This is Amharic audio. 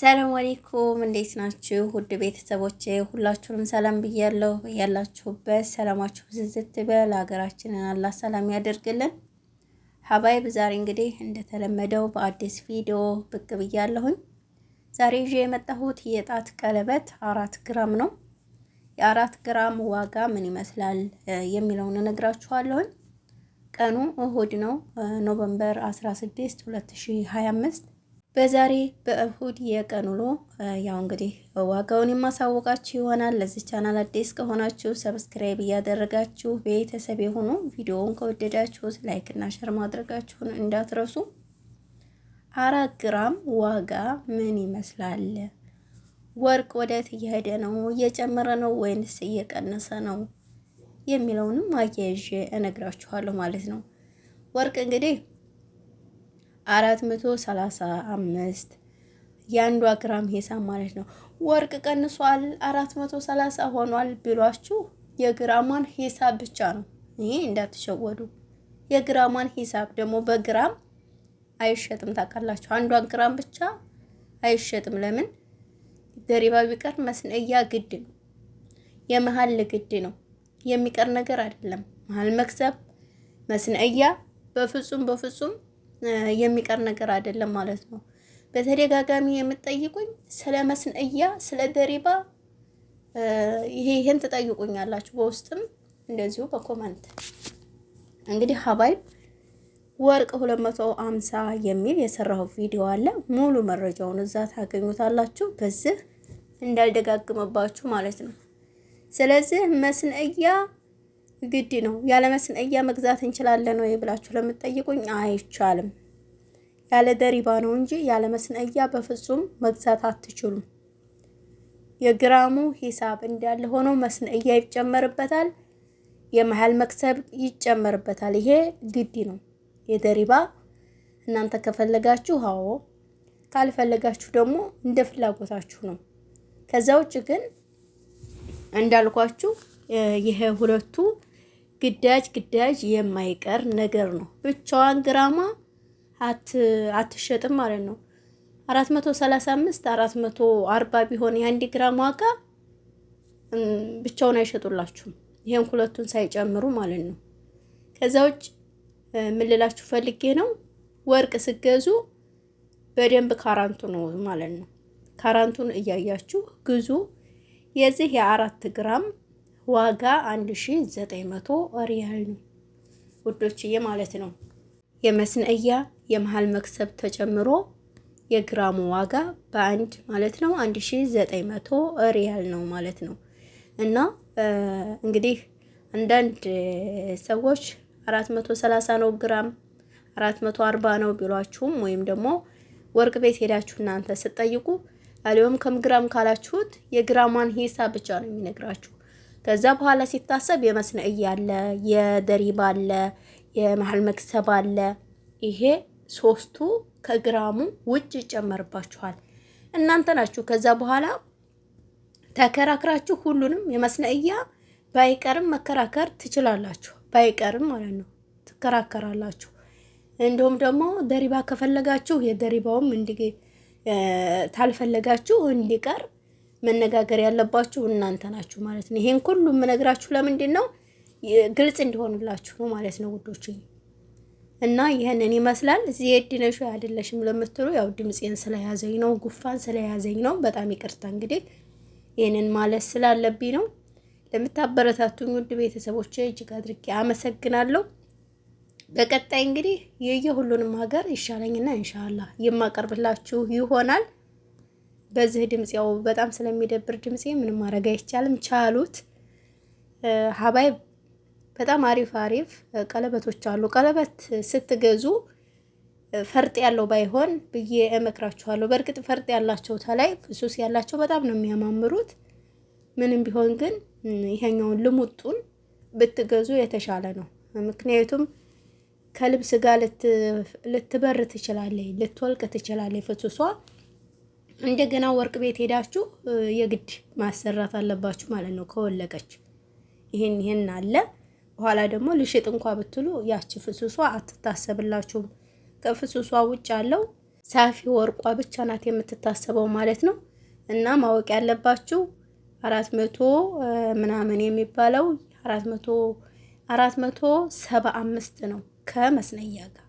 ሰላም አለይኩም እንዴት ናችሁ? ውድ ቤተሰቦቼ ሁላችሁንም ሰላም ብያለሁ። ያላችሁበት ሰላማችሁ ዝዝት በል። ሀገራችንን አላህ ሰላም ያደርግልን። ሀባይብ ዛሬ እንግዲህ እንደተለመደው በአዲስ ቪዲዮ ብቅ ብያለሁኝ። ዛሬ ይዤ የመጣሁት የጣት ቀለበት አራት ግራም ነው። የአራት ግራም ዋጋ ምን ይመስላል የሚለውን እነግራችኋለሁኝ። ቀኑ እሁድ ነው ኖቨምበር 16 2025 በዛሬ በእሁድ የቀን ውሎ ያው እንግዲህ ዋጋውን የማሳወቃችሁ ይሆናል። ለዚህ ቻናል አዲስ ከሆናችሁ ሰብስክራይብ እያደረጋችሁ ቤተሰብ የሆኑ ቪዲዮውን ከወደዳችሁት እና ሸር ማድረጋችሁን እንዳትረሱ። አራት ግራም ዋጋ ምን ይመስላል? ወርቅ ወደት እየሄደ ነው? እየጨመረ ነው ወይንስ እየቀነሰ ነው? የሚለውንም አያይዤ እነግራችኋለሁ ማለት ነው። ወርቅ እንግዲህ 435 የአንዷ ግራም ሂሳብ ማለት ነው። ወርቅ ቀንሷል 430 ሆኗል ቢሏችሁ የግራሟን ሂሳብ ብቻ ነው። ይሄ እንዳትሸወዱ። የግራሟን ሂሳብ ደግሞ በግራም አይሸጥም ታውቃላችሁ። አንዷን ግራም ብቻ አይሸጥም። ለምን ደሪባ ቢቀር መስነያ ግድ ነው፣ የመሀል ግድ ነው። የሚቀር ነገር አይደለም። መሀል መክሰብ መስነያ በፍጹም በፍጹም የሚቀር ነገር አይደለም ማለት ነው። በተደጋጋሚ የምትጠይቁኝ ስለ መስንእያ፣ ስለ ደሪባ ይሄ ይሄን ትጠይቁኛላችሁ፣ በውስጥም እንደዚሁ በኮመንት እንግዲህ ሀባይ ወርቅ 250 የሚል የሰራው ቪዲዮ አለ። ሙሉ መረጃውን እዛ ታገኙታላችሁ። በዚህ እንዳልደጋግመባችሁ ማለት ነው። ስለዚህ መስንእያ ግድ ነው። ያለ መስነያ መግዛት እንችላለን ወይ ብላችሁ ለምትጠይቁኝ አይቻልም። ያለ ደሪባ ነው እንጂ ያለ መስነያ በፍጹም መግዛት አትችሉም። የግራሙ ሂሳብ እንዳለ ሆኖ መስነያ ይጨመርበታል፣ የመሀል መክሰብ ይጨመርበታል። ይሄ ግድ ነው። የደሪባ እናንተ ከፈለጋችሁ አዎ፣ ካልፈለጋችሁ ደግሞ እንደ ፍላጎታችሁ ነው። ከዛ ውጭ ግን እንዳልኳችሁ ይሄ ሁለቱ ግዳጅ ግዳጅ የማይቀር ነገር ነው። ብቻዋን ግራማ አትሸጥም ማለት ነው። 435 440 ቢሆን የአንድ ግራም ዋጋ ብቻውን አይሸጡላችሁም። ይሄን ሁለቱን ሳይጨምሩ ማለት ነው። ከዛ ውጭ የምልላችሁ ፈልጌ ነው፣ ወርቅ ስገዙ በደንብ ካራንቱ ነው ማለት ነው። ካራንቱን እያያችሁ ግዙ። የዚህ የአራት ግራም ዋጋ 1900 ሪያል ነው ውዶችዬ ማለት ነው። የመስነእያ የመሀል መክሰብ ተጨምሮ የግራሙ ዋጋ በአንድ ማለት ነው 1900 ሪያል ነው ማለት ነው። እና እንግዲህ አንዳንድ ሰዎች 430 ነው ግራም 440 ነው ቢሏችሁም ወይም ደግሞ ወርቅ ቤት ሄዳችሁ እናንተ ስትጠይቁ አሊያም ከምግራም ካላችሁት የግራሟን ሂሳብ ብቻ ነው የሚነግራችሁ። ከዛ በኋላ ሲታሰብ የመስነእይ አለ፣ የደሪባ አለ፣ የመሀል መክሰብ አለ። ይሄ ሶስቱ ከግራሙ ውጭ ይጨመርባችኋል። እናንተ ናችሁ። ከዛ በኋላ ተከራክራችሁ ሁሉንም የመስነእያ ባይቀርም መከራከር ትችላላችሁ። ባይቀርም ማለት ነው ትከራከራላችሁ። እንዲሁም ደግሞ ደሪባ ከፈለጋችሁ የደሪባውም እንዲ ታልፈለጋችሁ እንዲቀር መነጋገር ያለባችሁ እናንተ ናችሁ ማለት ነው። ይሄን ሁሉ የምነግራችሁ ለምንድን ነው? ግልጽ እንዲሆንላችሁ ነው ማለት ነው ውዶች። እና ይህንን ይመስላል። ዜድ ነሽ አይደለሽም ለምትሉ ያው ድምፄን ስለያዘኝ ነው፣ ጉፋን ስለያዘኝ ነው። በጣም ይቅርታ እንግዲህ ይህንን ማለት ስላለብኝ ነው። ለምታበረታቱኝ ውድ ቤተሰቦች እጅግ አድርጌ አመሰግናለሁ። በቀጣይ እንግዲህ የየሁሉንም ሀገር ይሻለኝና እንሻላ የማቀርብላችሁ ይሆናል። በዚህ ድምፅ ያው በጣም ስለሚደብር ድምፄ ምንም ማድረግ አይቻልም። ቻሉት ሀባይ በጣም አሪፍ አሪፍ ቀለበቶች አሉ። ቀለበት ስትገዙ ፈርጥ ያለው ባይሆን ብዬ እመክራችኋለሁ። በእርግጥ ፈርጥ ያላቸው ተላይ ፍሱስ ያላቸው በጣም ነው የሚያማምሩት። ምንም ቢሆን ግን ይሄኛውን ልሙጡን ብትገዙ የተሻለ ነው። ምክንያቱም ከልብስ ጋር ልትበር ትችላለች፣ ልትወልቅ ትችላለች ፍሱሷ እንደገና ወርቅ ቤት ሄዳችሁ የግድ ማሰራት አለባችሁ ማለት ነው። ከወለቀች ይሄን ይሄን አለ። በኋላ ደግሞ ልሽጥ እንኳ ብትሉ ያቺ ፍስሷ አትታሰብላችሁም። ከፍስሷ ውጭ ያለው ሰፊ ወርቋ ብቻ ናት የምትታሰበው ማለት ነው። እና ማወቅ ያለባችሁ አራት መቶ ምናምን የሚባለው አራት መቶ አራት መቶ ሰባ አምስት ነው ከመስነያ ጋር